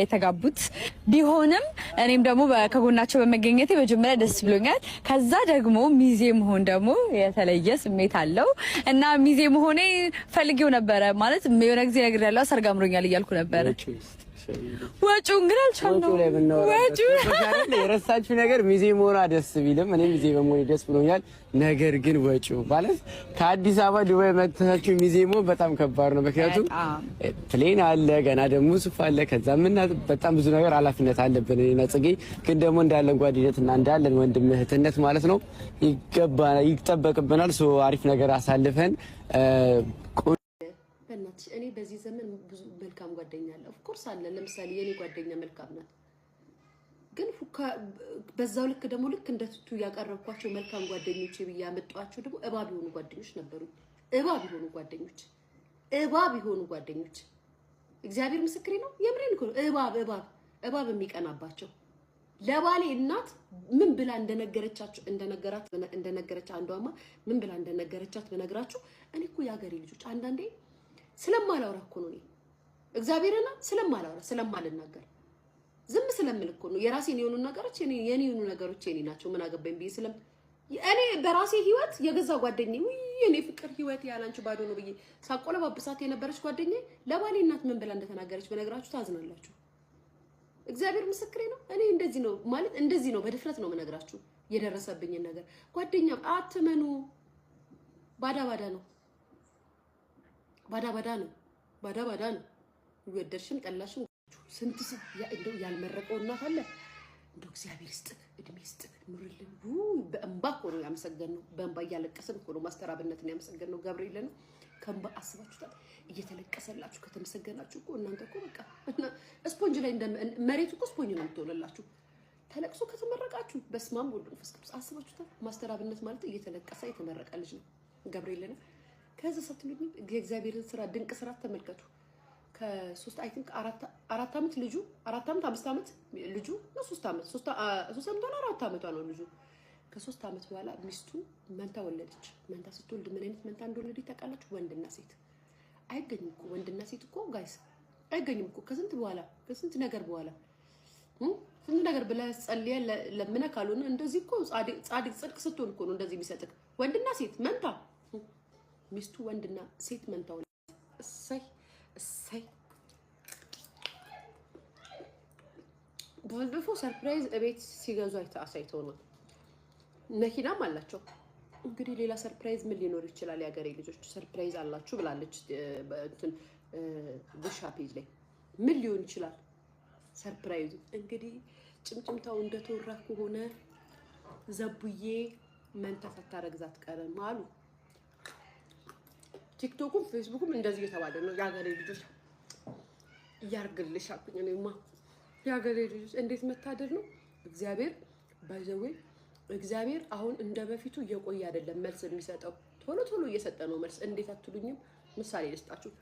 የተጋቡት ቢሆንም እኔም ደግሞ ከጎናቸው በመገኘቴ መጀመሪያ ደስ ብሎኛል። ከዛ ደግሞ ሚዜ መሆን ደግሞ የተለየ ስሜት አለው እና ሚዜ መሆኔ ፈልጌው ነበረ። ማለት የሆነ ጊዜ ነግሬያለሁ፣ ሰርግ አምሮኛል እያልኩ ነበረ ወጪውን ግን አልቻልነው። የረሳችሁ ነገር ሚዜ መሆኗ ደስ ቢልም እኔ ሚዜ በመሆኔ ደስ ብሎኛል። ነገር ግን ወጪው ማለት ከአዲስ አበባ ዱባይ መተሳችሁ ሚዜ መሆን በጣም ከባድ ነው። ምክንያቱም ፕሌን አለ፣ ገና ደግሞ ሱፍ አለ፣ ከዛ ምና በጣም ብዙ ነገር ኃላፊነት አለብን። እኔና ጽጌ ግን ደግሞ እንዳለን ጓደኝነትና እንዳለን ወንድም እህትነት ማለት ነው ይገባናል፣ ይጠበቅብናል። አሪፍ ነገር አሳልፈን ናት። እኔ በዚህ ዘመን ብዙ መልካም ጓደኛ አለ፣ ኦፍኮርስ አለ። ለምሳሌ የእኔ ጓደኛ መልካም ናት፣ ግን በዛው ልክ ደግሞ ልክ እንደ ትቱ ያቀረብኳቸው መልካም ጓደኞች ብዬ ደግሞ እባብ የሆኑ ጓደኞች ነበሩ። እባብ የሆኑ ጓደኞች፣ እባብ የሆኑ ጓደኞች፣ እግዚአብሔር ምስክሬ ነው። የምሬን እኮ ነው። እባብ እባብ እባብ የሚቀናባቸው ለባሌ እናት ምን ብላ እንደነገረቻቸው እንደነገራት እንደነገረቻ አንዷማ ምን ብላ እንደነገረቻት በነግራችሁ እኔ እኮ የሀገሬ ልጆች አንዳንዴ ስለማላወራ እኮ ነው እግዚአብሔርና ስለማላወራ ስለማልናገር ዝም ስለምል እኮ ነው። የራሴን የሆኑ ነገሮች የኔ የሆኑ ነገሮች የኔ ናቸው። ምን አገባኝ ብዬ ስለም እኔ በራሴ ህይወት የገዛ ጓደኛ የኔ ፍቅር ህይወት ያላንቺ ባዶ ነው ብዬ ሳቆለባብሳት የነበረች ጓደኛ ለባሌ እናት ምን ብላ እንደተናገረች በነገራችሁ ታዝናላችሁ። እግዚአብሔር ምስክሬ ነው። እኔ እንደዚህ ነው ማለት እንደዚህ ነው፣ በድፍረት ነው የምነግራችሁ የደረሰብኝን ነገር። ጓደኛ አትመኑ፣ ባዳ ባዳ ነው። ባዳ ባዳ ነው፣ ባዳ ባዳ ነው። ይወደድሽም ጠላሽም ስንት ሰው እንደው ያልመረቀው እናት አለ። እንደው እግዚአብሔር ይስጥህ፣ እድሜ ይስጥህ፣ ኑርልን። በእንባ እኮ ነው ያመሰገንነው፣ በእንባ እያለቀስን እኮ ነው ማስተራብነትን ነው። ገብርኤል ነው ከእንባ አስባችሁታል። እየተለቀሰላችሁ ከተመሰገናችሁ እኮ እናንተ እኮ በቃ ስፖንጅ ላይ መሬት እኮ ስፖንጅ ነው የምትሆንላችሁ። ተለቅሶ ከተመረቃችሁ በስመ አብ ወወልድ ወመንፈስ ቅዱስ አስባችሁታል። ማስተራብነት ማለት እየተለቀሰ የተመረቀ ልጅ ነው። ገብርኤል ነው ከዚህ ሰዓት የእግዚአብሔርን ስራ ድንቅ ስራ ተመልከቱ። ከሶስት አይ ቲንክ አራት ልጁ አራት አምስት ልጁ ነው። ሶስት ሶስት ሆነ አራት ነው ልጁ። ከሶስት በኋላ ሚስቱ መንታ ወለደች። መንታ ስትወልድ ምን አይነት መንታ እንደወለደ ታውቃላችሁ? ወንድና ሴት አይገኝም እኮ ወንድና ሴት እኮ ጋይስ አይገኝም እኮ ከስንት በኋላ ከስንት ነገር በኋላ ስንት ነገር ብለህ ጸልየህ ካልሆነ እንደዚህ እኮ ጻድቅ ጽድቅ ስትሆን እኮ ነው እንደዚህ የሚሰጥህ ወንድና ሴት መንታ ሚስቱ ወንድና ሴት መንታው እሰይ እሰይ። ባለፈው ሰርፕራይዝ እቤት ሲገዙ አሳይተውናል። መኪናም አላቸው። እንግዲህ ሌላ ሰርፕራይዝ ምን ሊኖር ይችላል? የሀገሬ ልጆች ሰርፕራይዝ አላችሁ ብላለች ቡሻ ፔጅ ላይ ምን ሊሆን ይችላል ሰርፕራይዙ? እንግዲህ ጭምጭምታው እንደተወራ ከሆነ ዘቡዬ መንታ ሳታረግዝ አትቀርም አሉ። ቲክቶኩም ፌስቡኩም እንደዚህ እየተባለ ነው። የሀገሬ ልጆች እያርግልሽ አልኩኝ። እኔማ የሀገሬ ልጆች እንዴት መታደር ነው። እግዚአብሔር ባይዘዌ እግዚአብሔር አሁን እንደ በፊቱ እየቆየ አይደለም መልስ የሚሰጠው ቶሎ ቶሎ እየሰጠ ነው መልስ። እንዴት አትሉኝም? ምሳሌ ልስጣችሁ።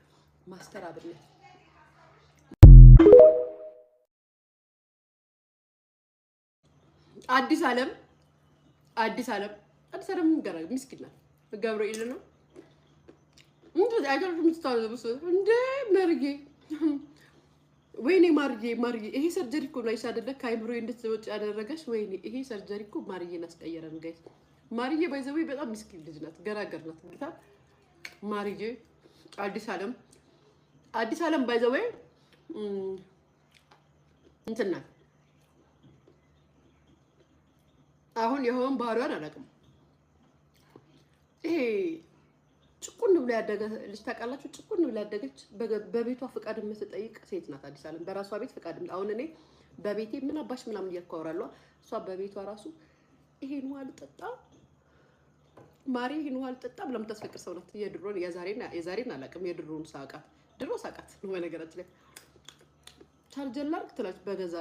ማስተር አብነት አዲስ ዓለም አዲስ ዓለም አዲስ ዓለም ይደረግ ምስኪን ገብርኤል ነው እንደዚህ አይደል የምትታዘቡት እንደ መርጌ ወይኔ ማርዬ ማርዬ፣ ይሄ ሰርጀሪ እኮ ናይስ አይደለ? ከአይምሮ እንድትወጪ ያደረገች። ወይኔ ይሄ ሰርጀሪ እኮ ማርዬን አስቀየረን ጋይስ። ማርዬ ባይዘዌ በጣም ምስኪን ልጅ ናት፣ ገራገር ናት። ጌታ ማርዬ አዲስ ዓለም አዲስ ዓለም ባይዘዌ እንትን ናት። አሁን የሆን ባህሪዋን አላውቅም ይሄ ብሎ ያደገ ልጅ ታውቃላችሁ። ጭቁን ብሎ ያደገች በቤቷ ፍቃድ የምትጠይቅ ሴት ናት። አዲስ አለም በራሷ ቤት ፍቃድ። አሁን እኔ በቤቴ ምን አባሽ ምናምን እያልኩ እሷ በቤቷ ራሱ ይሄን ውሃ ልጠጣ ማሪ፣ ይሄን ውሃ ልጠጣ ብላ የምታስፈቅድ ሰው ናት። የድሮን የዛሬን አላውቅም፣ የድሮን ሳቃት ድሮ ሳቃት ነው። በነገራችን ላይ ቻርጀር ላድርግ ትላለች በገዛ